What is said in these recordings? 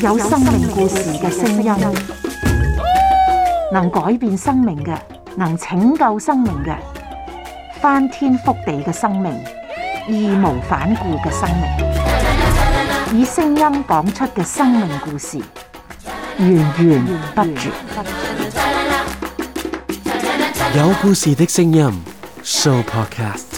有生命故事嘅聲音，能改變生命嘅，能拯救生命嘅，翻天覆地嘅生命，義無反顧嘅生命，以聲音講出嘅生命故事，源源不絕。有故事嘅聲音，Show Podcast。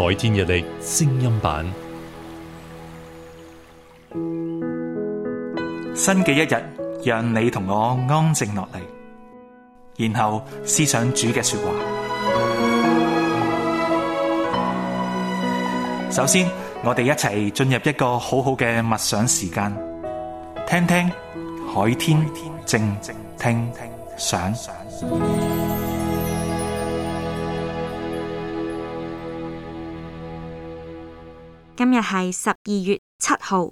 海天日曆聲音版，新嘅一日，讓你同我安靜落嚟，然後思想主嘅說話。首先，我哋一齊進入一個好好嘅默想時間，聽聽海天，靜靜聽神。今日係十二月七號。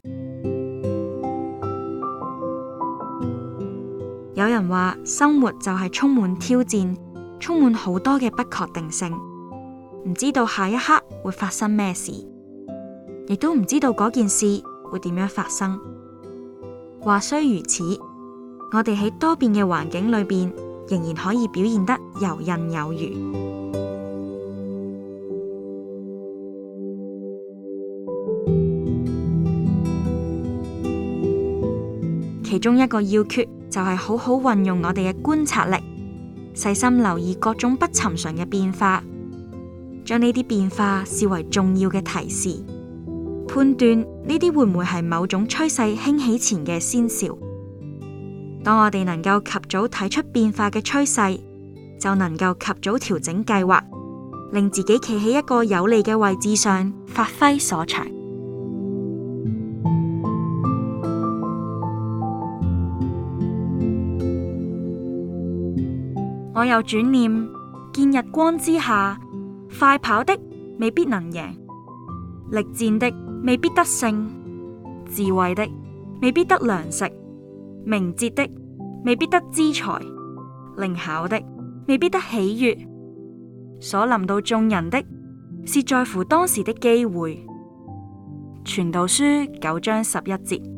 有人話生活就係充滿挑戰，充滿好多嘅不確定性，唔知道下一刻會發生咩事，亦都唔知道嗰件事會點樣發生。話雖如此，我哋喺多變嘅環境裏邊，仍然可以表現得游刃有餘。其中一個要訣就係好好運用我哋嘅觀察力，細心留意各種不尋常嘅變化，將呢啲變化視為重要嘅提示，判斷呢啲會唔會係某種趨勢興起前嘅先兆。當我哋能夠及早睇出變化嘅趨勢，就能夠及早調整計劃，令自己企喺一個有利嘅位置上發揮所長。我又轉念見日光之下，快跑的未必能贏，力戰的未必得勝，智慧的未必得糧食，明哲的未必得資財，靈巧的未必得喜悦。所臨到眾人的是在乎當時的機會。傳道書九章十一節。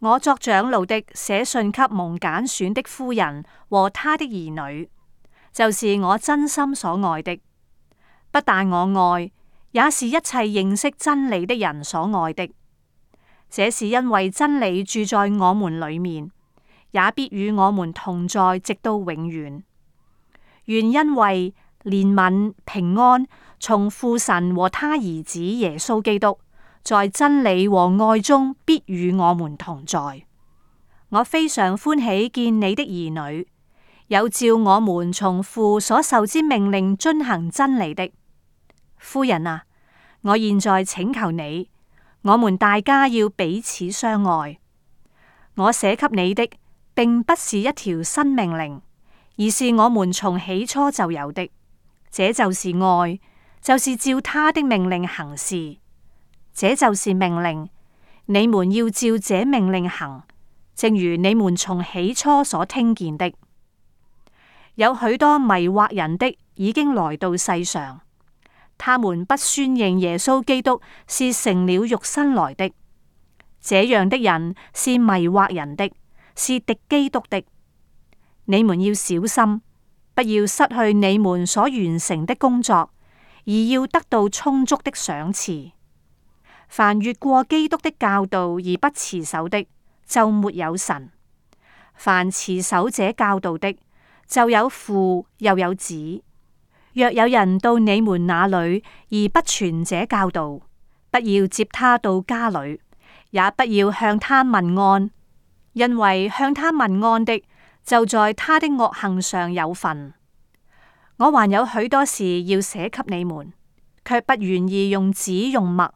我作長老的寫信給蒙揀選的夫人和他的兒女，就是我真心所愛的。不但我愛，也是一切認識真理的人所愛的。這是因為真理住在我們裏面，也必與我們同在，直到永遠。願因為憐憫、平安從父神和他兒子耶穌基督。在真理和愛中必與我們同在。我非常歡喜見你的兒女，有照我們從父所受之命令遵行真理的。夫人啊，我現在請求你，我們大家要彼此相愛。我寫給你的，並不是一條新命令，而是我們從起初就有的。這就是愛，就是照他的命令行事。這就是命令，你們要照這命令行，正如你們從起初所聽見的。有許多迷惑人的已經來到世上，他們不宣認耶穌基督是成了肉身來的。這樣的人是迷惑人的，是敵基督的。你們要小心，不要失去你們所完成的工作，而要得到充足的賞賜。凡越過基督的教導而不持守的，就沒有神；凡持守者教導的，就有父又有子。若有人到你們那裏而不傳這教導，不要接他到家裏，也不要向他問安，因為向他問安的，就在他的惡行上有份。我還有許多事要寫給你們，卻不願意用紙用墨。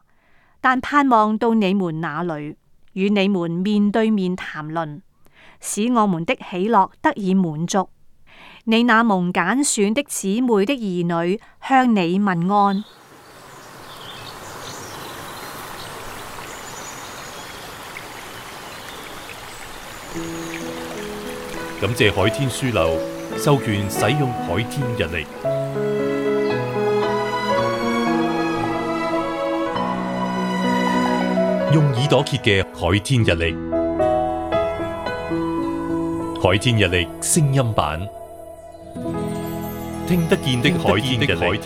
但盼望到你們那裡，與你們面對面談論，使我們的喜樂得以滿足。你那蒙揀選的姊妹的兒女向你問安。感謝海天書樓授權使用《海天日曆》。用耳朵揭嘅《海天日曆》，《海天日曆》聲音版，聽得見的《海天日曆》。